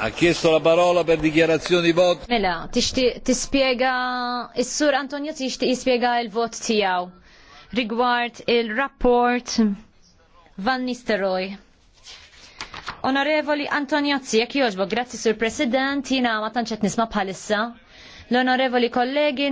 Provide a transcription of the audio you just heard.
Ha chiesto la parola per dichiarazioni di voto. Mela, tispiega il-sur Antonio tixtieq jispjega il-vot tiegħu rigward il-rapport Van Nistelrooy. Onorevoli Antoniozzi, jekk jogħġbok, grazzi sur President, jiena ma tantx qed nisma' bħalissa. L-onorevoli kollegi,